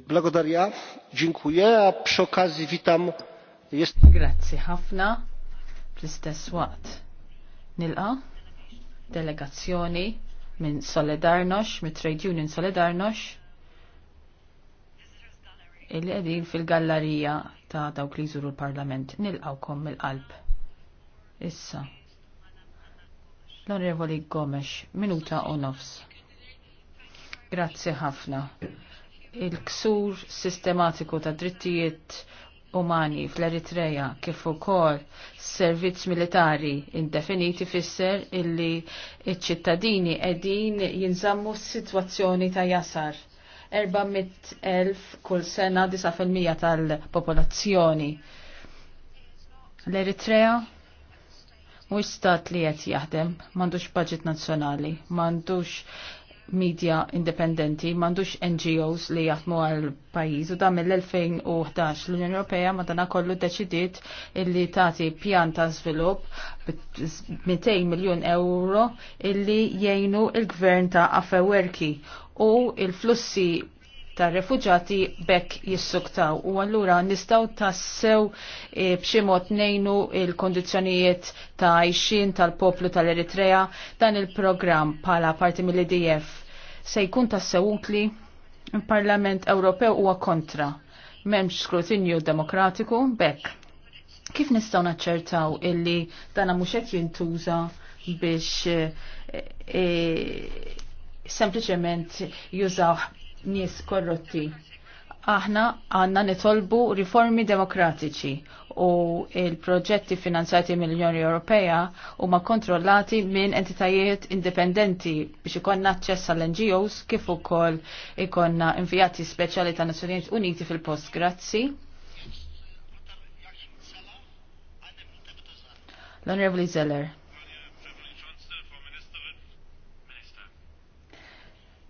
Blagodarja, dziękuję, a przy okazji witam. Jest... Grazzi ħafna fl-istess waqt. Nilqa delegazzjoni minn Solidarnox, minn Trade Union Solidarnox, illi għedin fil-gallerija ta' dawk li jżuru l-Parlament. Nilqawkom mill-qalb. Issa. L-Onorevoli Gomes, minuta u nofs. Grazzi ħafna. Il-ksur sistematiku ta' drittijiet umani fl-Eritreja kif ukoll servizz militari indefiniti fisser illi iċ-ċittadini qegħdin jinżammu s-sitwazzjoni ta' jasar. 400.000 kull sena 9% tal-popolazzjoni. L-Eritrea mhux stat li qed jaħdem, m'għandux budget nazzjonali, m'għandux media independenti, mandux NGOs li jaħdmu għal pajiz u da mill-2011 l-Unjoni Ewropea madana kollu deċidiet illi tati pjan ta' svilup 200 miljon euro illi jgħinu il-gvern ta' Afewerki u il-flussi ta' refugġati bekk jissuktaw. U għallura nistaw tassew e, bximot nejnu il-kondizjonijiet ta' ixin tal-poplu tal-Eritrea dan il-program pala parti mill-IDF se jkun tassewutli il-Parlament Ewropew huwa kontra. M'hemmx skrutinju demokratiku bekk. Kif nistgħu naċċertaw illi dana mhux qed jintuża biex e, sempliċement jużaw nies korrotti? aħna għanna nitolbu riformi demokratiċi u il-proġetti finanzjati mill-Unjoni Ewropea huma kontrollati minn entitajiet indipendenti biex ikonna aċċess għall ngos kif ukoll ikonna invjati speċjali ta' Nazzjonijiet Uniti fil-post. Grazzi. L-Onorevoli Zeller.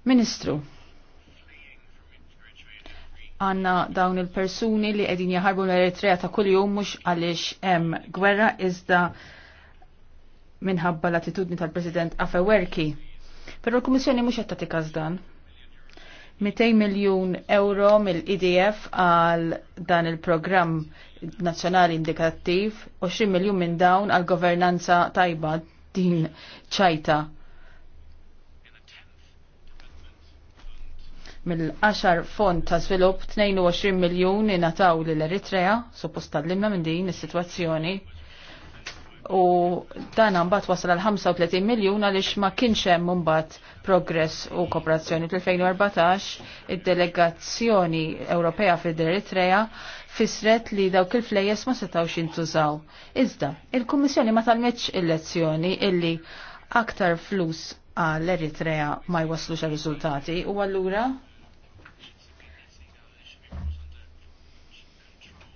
Ministru għanna dawn il-persuni li għedin jaharbu l-Eritrea ta' kull jom mux għalix em gwerra iżda minħabba l-attitudni tal-President Afewerki. Pero l komissjoni mux għattati kazdan. 200 miljon euro mill-IDF għal dan il-programm nazzjonali indikattiv, 20 miljon minn dawn għal governanza tajba din ċajta mill-10 fond ta' svilup 22 miljon nataw l Eritrea, suppost tadlimna minn din is-sitwazzjoni. U dan mbagħad wasal għal 35 miljun għaliex ma kienx hemm mbagħad progress u kooperazzjoni fl-2014 id-delegazzjoni Ewropea fid-Eritrea fisret li dawk il-flejjes ma setawx jintużaw. Iżda, il-Kummissjoni ma talmetx il-lezzjoni illi aktar flus għall-Eritrea ma jwaslux għal riżultati u allura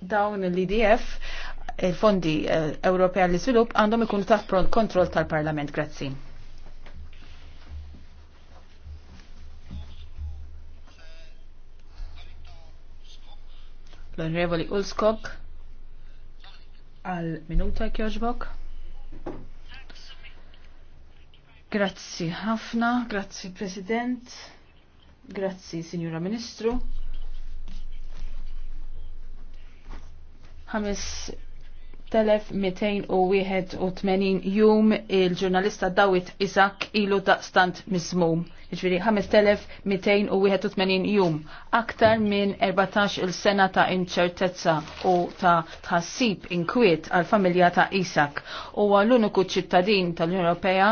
dawn l-IDF il-fondi eh, Ewropea l iżvilupp għandhom ikun taħt kontrol tal-Parlament. Grazzi. l onrevoli Ulskog għal minuta kjoġbok. Grazzi ħafna, grazzi President, grazzi Signora Ministru. 5281 jum il-ġurnalista Dawit Isak ilu daqstant mizmum. Ġviri 5281 jum. Aktar minn 14 il-sena ta' inċertezza u ta' tħassib inkwiet għal familja ta' Isak. U għal uniku ċittadin tal-Unjoni Ewropea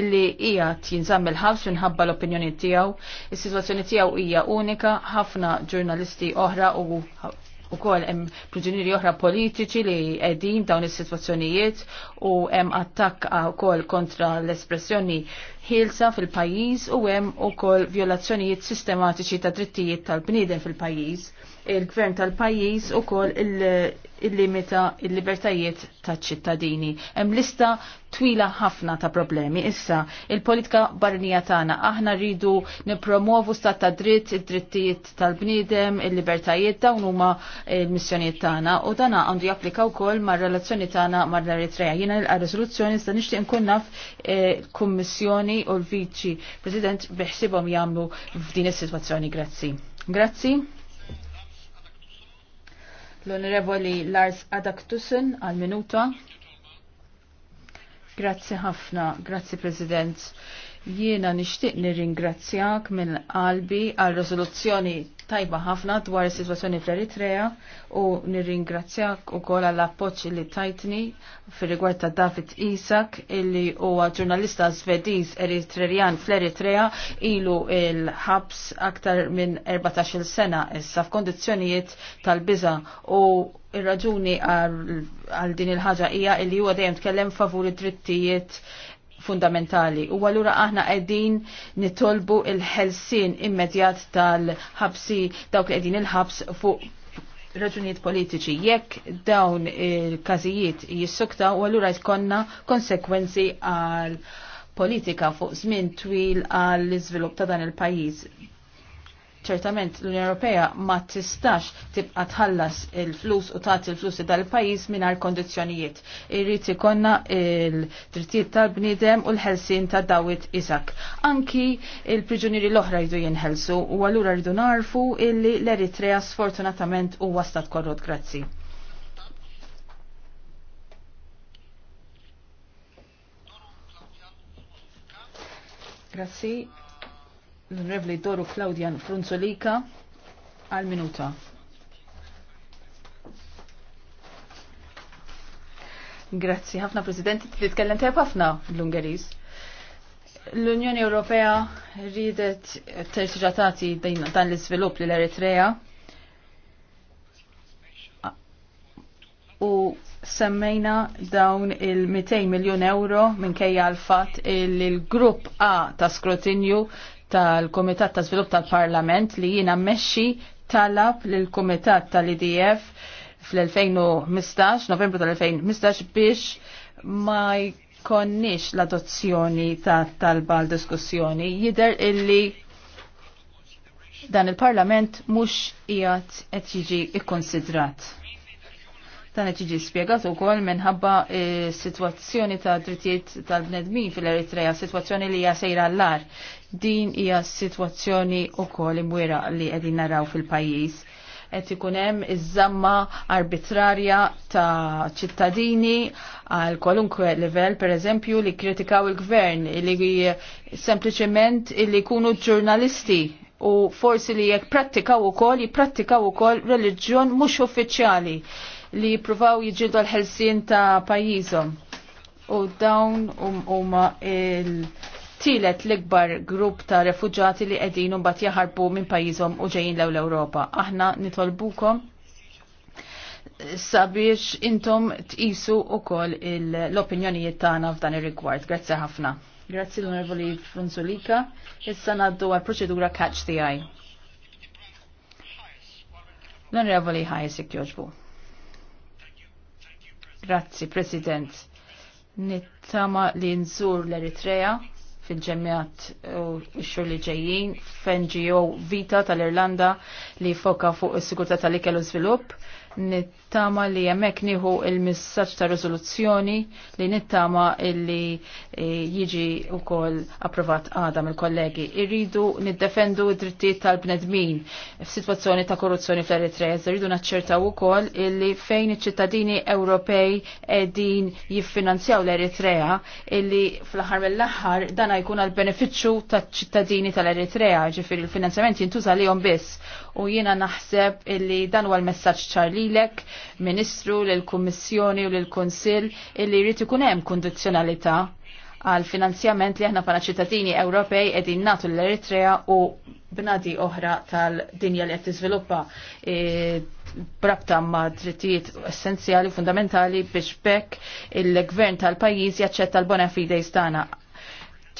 illi hija jinżamm il-ħabs minħabba l-opinjoni tiegħu. Is-sitwazzjoni tiegħu hija unika, ħafna ġurnalisti oħra u u kol hemm priġunieri oħra politiċi li qegħdin dawn is-sitwazzjonijiet u hemm attakk ukoll kontra l-espressjoni ħielsa fil-pajjiż u hemm ukoll violazzjonijiet sistematiċi ta' drittijiet tal-bniedem fil-pajjiż il-gvern tal-pajjiż ukoll il-limita il-libertajiet taċ-ċittadini. Hemm lista twila ħafna ta' problemi. Issa, il-politika barnija tagħna aħna rridu nippromovu stat ta' dritt, id-drittijiet tal-bniedem, il-libertajiet dawn huma l-missjonijiet tagħna u dan għandu japplika wkoll mar-relazzjoni tagħna mar-Eritrea. Jiena nilqa' riżoluzzjoni iżda nixtieq nkun naf eh, kummissjoni u l-Viċi President biħsibhom jagħmlu f'din is-sitwazzjoni. Grazzi. Grazzi l-Onorevoli Lars Adaktusen għal minuta. Grazzi ħafna, grazzi President. Jiena nixtieq nirringrazzjak minn qalbi għal riżoluzzjoni tajba ħafna dwar is-sitwazzjoni fl-Eritrea u nirringrazzjak ukoll għall appoġġ li tajtni fir-rigward ta' David Isak illi huwa ġurnalista Svediż Eritrejan fl-Eritrea ilu il-ħabs aktar minn 14-il sena issa f'kondizzjonijiet tal-biża u ir-raġuni għal din il-ħaġa hija li huwa dejjem tkellem favur id-drittijiet fundamentali u għallura aħna qegħdin nitolbu il-ħelsin immedjat tal-ħabsi dawk li qegħdin il-ħabs fuq raġunijiet politiċi. Jekk dawn il-każijiet jissukta u allura jtkonna konsekwenzi għal politika fuq żmien twil għall iżvilupp ta' dan il-pajjiż ċertament l-Unjoni Ewropea ma tistax tibqa tħallas il-flus u tagħti il-flus tal pajjiż mingħajr kondizzjonijiet. Irrid ikollna l drittijiet tal-bniedem u l-ħelsien ta' dawit isak. Anki il-priġunieri l-oħra jdu jinħelsu u allura rridu narfu illi l-Eritrea sfortunatament huwa stat korrot grazzi. Grazzi l-Revli Doru Claudian Frunzolika għal minuta. Grazzi ħafna Presidenti, titkellem tajb ħafna l ungeris L-Unjoni Ewropea ridet terġa' dan l-iżvilupp l Eritrea u semmejna dawn il-200 miljon euro minkejja l-fat il-grupp A ta' skrutinju tal-Komitat ta' Zvilupp tal-Parlament li jiena mmexxi talab lill-Komitat tal-IDF fl-2015, novembru tal-2015 biex ma jkonniex l-adozzjoni ta' talba l-diskussjoni. Jider illi dan il-Parlament mhux qiegħed qed jiġi ikkonsidrat ta' qed jiġi spjegat ukoll minħabba s-sitwazzjoni eh, ta' drittijiet tal-bnedmin fil-Eritrea, sitwazzjoni li hija sejra l-lar. Din hija sitwazzjoni ukoll imwira li qegħdin naraw fil-pajjiż qed ikun hemm iż-żamma arbitrarja ta' ċittadini għal kwalunkwe livell pereżempju li kritikaw il-gvern li sempliċement li jkunu ġurnalisti u forsi li jekk prattikaw ukoll jipprattikaw ukoll reliġjon mhux uffiċjali li jipruvaw jiġidu l ħelsien ta' pajjiżhom. U dawn um, huma il- tielet l-ikbar grupp ta' refuġati li qegħdin mbagħad jaħarbu minn pajjiżhom u ġejjin lew l-Ewropa. Aħna nitolbukom sabiex intom tqisu wkoll l-opinjonijiet tagħna f'dan ir-rigward. Grazzi ħafna. Grazzi l-Onorevoli Frunzulika. Issa ngħaddu għall proċedura catch the eye. L-Onorevoli Hayes jekk jogħġbu. Grazzi, President. Nittama li nżur l-Eritrea fil-ġemjat u uh, xur li ġejjin f'NGO Vita tal-Irlanda li foka fuq is-sigurtà tal-ikel u żvilupp nittama li jemmek nieħu il missaċ ta' rezoluzzjoni li nittama illi eh, jiġi wkoll approvat għadam mill-kollegi. Irridu niddefendu d-drittijiet tal-bnedmin f'sitwazzjoni ta' korruzzjoni fl-Eritrea, irridu naċċertaw ukoll illi fejn iċ-ċittadini Ewropej qegħdin jiffinanzjaw l-Eritrea illi fl-aħħar mill-aħħar dan jkun għal benefiċċju taċ-ċittadini tal-Eritrea, ġifir il finanzjament jintuża lihom biss. U jiena naħseb illi dan huwa l-messaġġ ċarli lilek, Ministru, lill-Kummissjoni u lill-Kunsill illi jrid ikun hemm kondizzjonalità għal finanzjament li aħna bħala ċittadini Ewropej qegħdin nagħtu l-Eritrea u bnadi oħra tal-dinja li qed tiżviluppa e, brabta ma' drittijiet essenzjali fundamentali biex bekk il-gvern tal-pajjiż jaċċetta l-bona fidejs tagħna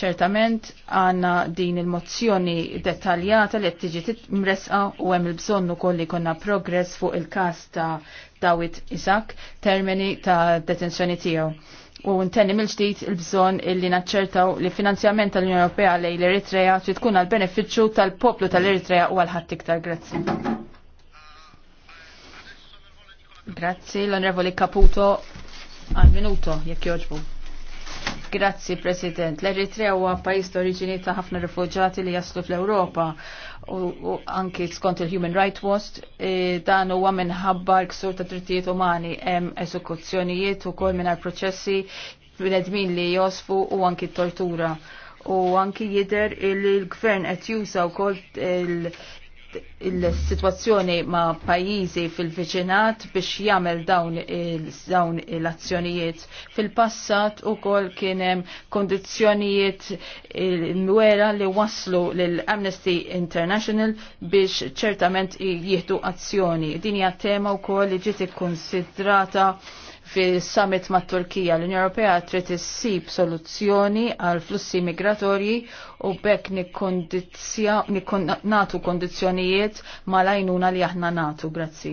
ċertament għanna din il-mozzjoni dettaljata li tiġi mresqa u hemm il-bżonnu kolli konna progress fuq il-kas ta' Dawit Isak, termini ta' detenzjoni tiegħu. U n-tenni mill ġdijt il bżon illi naċċertaw li finanzjament tal-Unjoni Ewropea lej l-Eritrea trid tkun għal benefiċċju tal-poplu tal-Eritrea u għal ħadd iktar grazzi. Grazzi l onrevoli Caputo għal minuto jekk joġbu. Grazzi, President. L-Eritrea huwa pajjiż d-oriġini ta' ħafna rifuġati li jaslu fl-Ewropa u anki skont il-Human Rights Watch e, dan huwa minħabba l-ksur ta' drittijiet umani hemm eżekuzzjonijiet ukoll mingħajr proċessi bnedmin li josfu u anki tortura u anki jider il-gvern qed jusa wkoll il-situazzjoni ma' pajizi fil-viċinat biex jagħmel dawn dawn l-azzjonijiet. Fil-passat u kol kienem kondizzjonijiet mwera li waslu l-Amnesty International biex ċertament jieħdu azzjoni. Din hija tema u kol li ġiet ikkonsidrata konsidrata fil-summit mat Turkija l-Unjoni Ewropea trid issib soluzzjoni għal flussi migratorji u bekk nagħtu kondizzjonijiet mal-għajnuna li aħna nagħtu. Grazzi.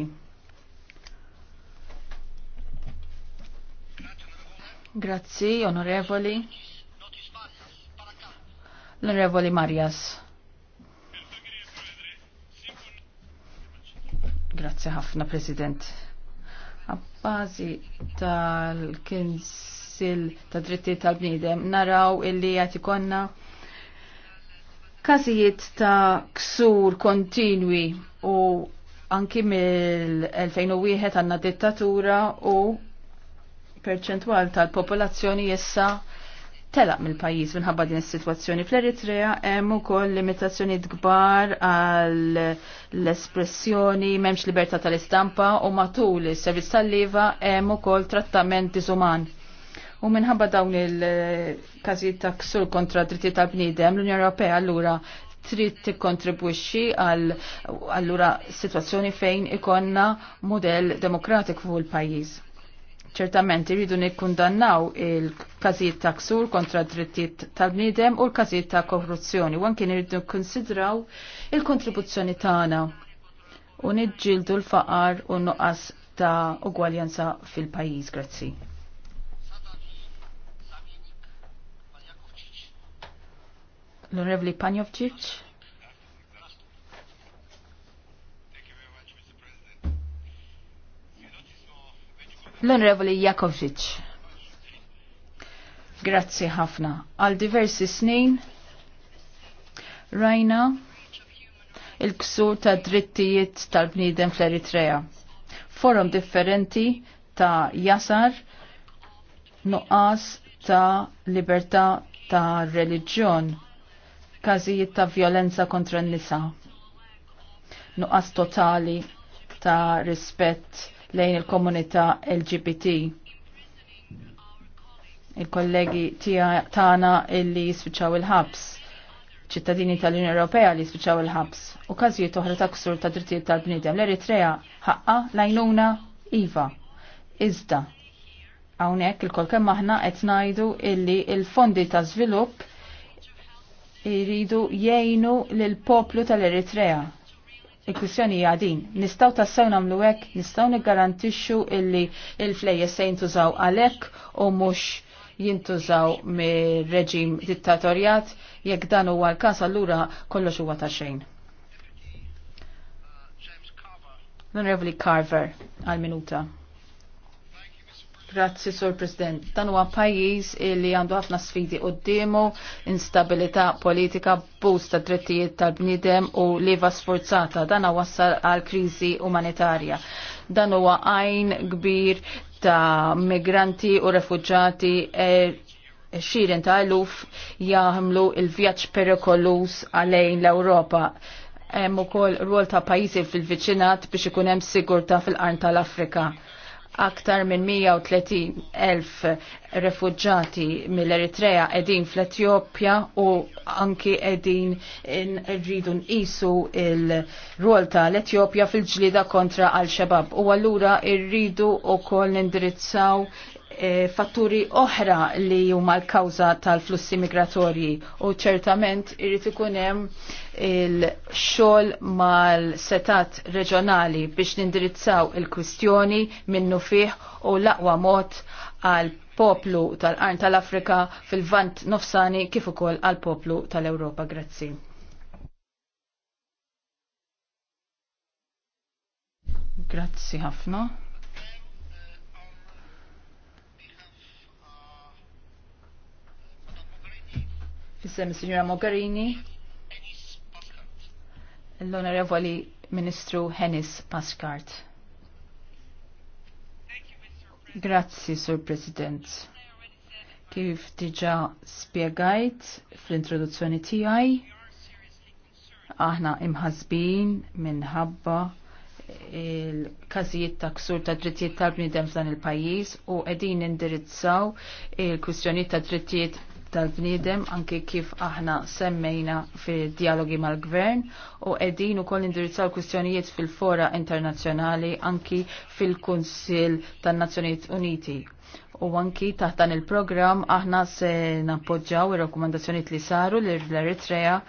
Grazzi, onorevoli. L-onorevoli Marjas. Grazzi ħafna, President fazi tal-Kinsil ta' drittijiet tal-bniedem naraw illi qed ikonna każijiet ta' ksur kontinwi u anki mill-2001 għanna dittatura u perċentwal tal-popolazzjoni issa telaq mill-pajjiż minħabba din is-sitwazzjoni. Fl-Eritrea hemm ukoll limitazzjonijiet kbar għal l-espressjoni, m'hemmx libertà tal-istampa u matul is-servizz tal-liva hemm ukoll trattament diżuman. U minħabba dawn il-każijiet ta' ksur kontra drittijiet tal-bniedem, l-Unjoni Ewropea allura trid tikkontribwixxi għal allura sitwazzjoni fejn ikonna modell demokratiku fuq il-pajjiż ċertament irridu nikkundannaw il-każijiet ta' ksur kontra drittijiet tal-bniedem u l-każijiet ta' korruzzjoni u anke iridu konsidraw il-kontribuzzjoni tagħna u niġġieldu l-faqar u nuqqas ta' ugwaljanza fil-pajjiż. Grazzi. L-Onorevoli Panjovčić. L-Onorevoli Jakovic. Grazzi ħafna. Għal diversi snin rajna il-ksur ta' drittijiet tal-bniedem fl-Eritrea. Forum differenti ta' jasar, nuqqas ta' libertà ta' religjon, każijiet ta' violenza kontra n-nisa, nuqqas totali ta' rispett lejn il-komunità LGBT il-kollegi tagħna illi jispiċċaw il-ħabs ċittadini tal-Unjoni Ewropea li jispiċċaw il-ħabs u każijiet oħra ta' ksur ta' drittijiet tal-bniedem. L-Eritrea ħaqqa lajnuna iva. Iżda hawnhekk il-kol kemm aħna qed ngħidu illi il-fondi ta' żvilupp iridu jgħinu lil poplu tal-Eritrea il-kwistjoni hija din. Nistgħu tassew nagħmlu hekk, nistgħu niggarantixxu illi il fleje se jintużaw għalhekk u mhux jintużaw mir-reġim dittatorjat jekk dan huwa l-każ allura kollox huwa ta' xejn. l Carver għal minuta. Grazzi, Sur President. Dan huwa pajjiż li għandu ħafna sfidi qudiemu, instabilità politika, boost ta' drittijiet tal-bniedem u leva sforzata. Dan wassal għal kriżi umanitarja. Dan huwa għajn kbir ta' migranti u refugġati xirin er, xiren ta' eluf jaħmlu il-vjaġġ perikolus għalejn l-Ewropa hemm ukoll rwol ta' pajjiżi fil-viċinat biex ikun hemm sigurtà fil-qarn tal-Afrika aktar minn 130.000 refugġati mill-Eritrea edin fl-Etjopja u anki edin rridu nqisu il-rol tal-Etjopja fil-ġlida kontra għal xabab U għallura irridu u koll nindirizzaw E, fatturi oħra li huma l-kawża tal-flussi migratorji u ċertament irid ikun hemm il-xogħol mal-setat reġjonali biex nindirizzaw il-kwistjoni minnu fih u l-aqwa mod għal poplu tal-qarn tal-Afrika fil-vant nofsani kif ukoll għal poplu tal-Ewropa. Grazzi. Grazzi ħafna. fissem signora Mogherini, l-Onorevoli Ministru Hennis Paskart. Grazzi, Sur President. Kif diġa spiegajt fl-introduzzjoni tiegħi, aħna imħazbin minħabba il-kazijiet ta' ksur ta' drittijiet tal-bnidem f'dan il-pajjiż u qegħdin indirizzaw il-kwistjonijiet ta' drittijiet tal-bniedem anke kif aħna semmejna fil-dialogi mal-gvern u edin u koll indirizzaw kwistjonijiet fil-fora internazzjonali anki fil-Kunsil tan-Nazzjonijiet Uniti. U anki taħt dan il-programm aħna se nappoġġaw ir-rakkomandazzjonijiet li saru l-Eritrea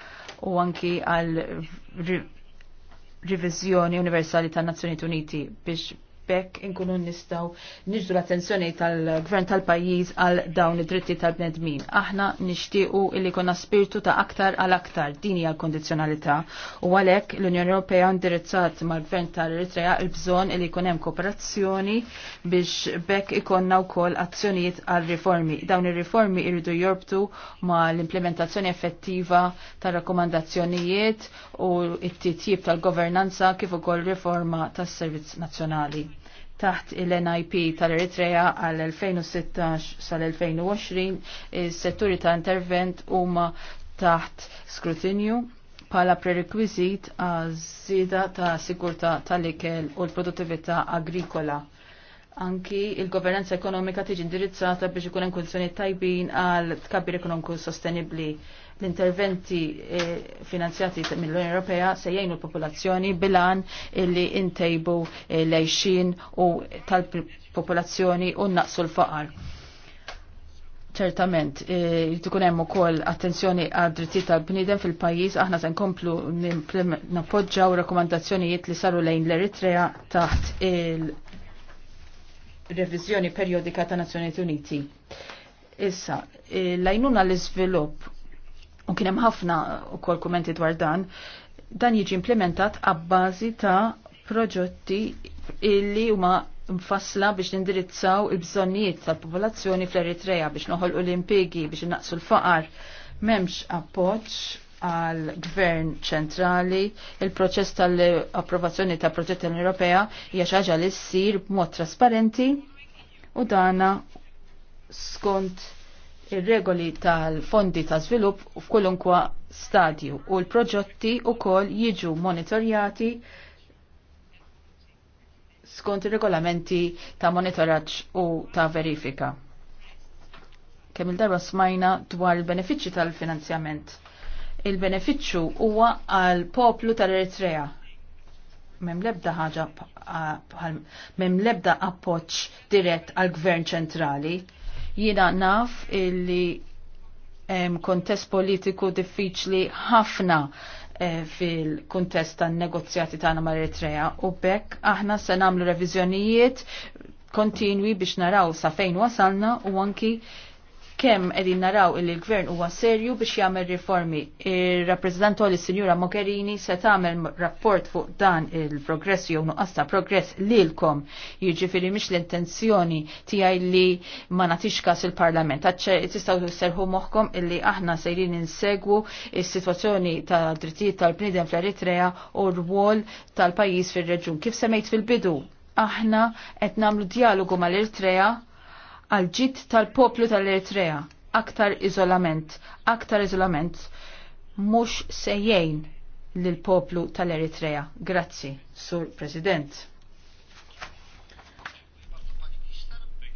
u anki għal riviżjoni universali tan-Nazzjonijiet Uniti biex bekk inkunu nistaw niġdu l-attenzjoni tal-gvern tal-pajjiż għal dawn id-dritti tal-bnedmin. Aħna nixtiequ illi konna spiritu ta' aktar għal aktar dini għal kondizjonalità u għalhekk l-Unjoni Ewropea indirizzat mal-gvern tal-Eritrea il-bżonn illi jkun hemm kooperazzjoni biex bekk ikonna wkoll azzjonijiet għal riformi. Dawn ir-riformi jridu jorbtu ma' l-implementazzjoni effettiva tar-rakkomandazzjonijiet u t-titjib tal-governanza kif ukoll riforma tas-servizz nazzjonali taħt il-NIP tal-Eritrea għal 2016 sal-2020 is-setturi ta' intervent huma taħt skrutinju pala prerequisit għaż-żieda ta' sigurtà tal-ikel u l-produttività agrikola. Anki il-governanza ekonomika tiġi indirizzata biex ikun hemm kunzjoni tajbin għal tkabbir ekonomiku sostenibbli L-interventi eh, finanzjati mill-Unjoni Ewropea se jgħinu l-popolazzjoni bilan illi intejbu eh, lejxin u tal-popolazzjoni u naqsu l-faqar. Ċertament, eh, jtikun hemm ukoll attenzjoni għad drittijiet tal-bniedem fil-pajjiż aħna se nkomplu nappoġġaw rakkomandazzjonijiet li saru lejn l-Eritrea taħt il-reviżjoni perjodika ta' Nazzjonijiet Uniti. Issa, lajnuna l-iżvilupp u kien hemm ħafna ukoll kumenti dwar dan, dan jiġi implementat għabbażi ta' proġetti illi huma mfassla biex nindirizzaw il-bżonnijiet tal-popolazzjoni fl-Eritrea biex noħolqu l-impigi biex naqsu l-faqar. Memx appoġġ għal gvern ċentrali, il-proċess tal-approvazzjoni ta' proġett Ewropea hija xi ħaġa li ssir b'mod trasparenti u dana skont ir-regoli tal-fondi ta' svilupp f'kolunkwa stadju u l-proġetti wkoll jiġu monitorjati skont ir-regolamenti ta' monitoraċ u ta' verifika. Kemm il-darba smajna dwar il-benefiċċji tal-finanzjament. Il-benefiċċju huwa għal poplu tal-Eritrea mem lebda ħaġa mem lebda appoċ dirett għal gvern ċentrali Jiena naf illi kontest politiku diffiċli ħafna eh, fil-kontest tan negozjati tagħna mal-Eritrea u bekk aħna se nagħmlu reviżjonijiet kontinwi biex naraw sa fejn wasalna u anki kemm qegħdin naraw li l-gvern huwa serju biex jagħmel riformi. Ir-rappreżentant li sinjura Mogherini se tagħmel rapport fuq dan il-progress jew nuqqas ta' progress lilkom. Jiġifieri mhix l-intenzjoni tiegħi li ma nagħtix każ il-Parlament. Tistgħu serħu moħħkom illi aħna sejrin insegwu is-sitwazzjoni ta' drittijiet tal-bniedem fl-Eritrea u r-wol tal-pajjiż fir-reġun. Kif semmejt fil-bidu? Aħna qed nagħmlu dialogu mal-Eritrea għal ġit tal-poplu tal-Eritrea. Aktar iżolament, aktar iżolament. Mux sejjejn l poplu tal-Eritrea. Grazzi, Sur President.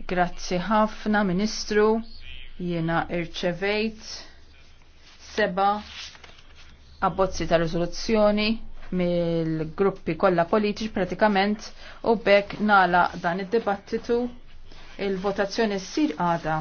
Grazzi ħafna, Ministru. Jiena irċevejt seba abbozzi ta' rizoluzzjoni mill-gruppi kollha politiċi pratikament u bekk nala dan id-dibattitu Il-votazzjoni s-sir għada.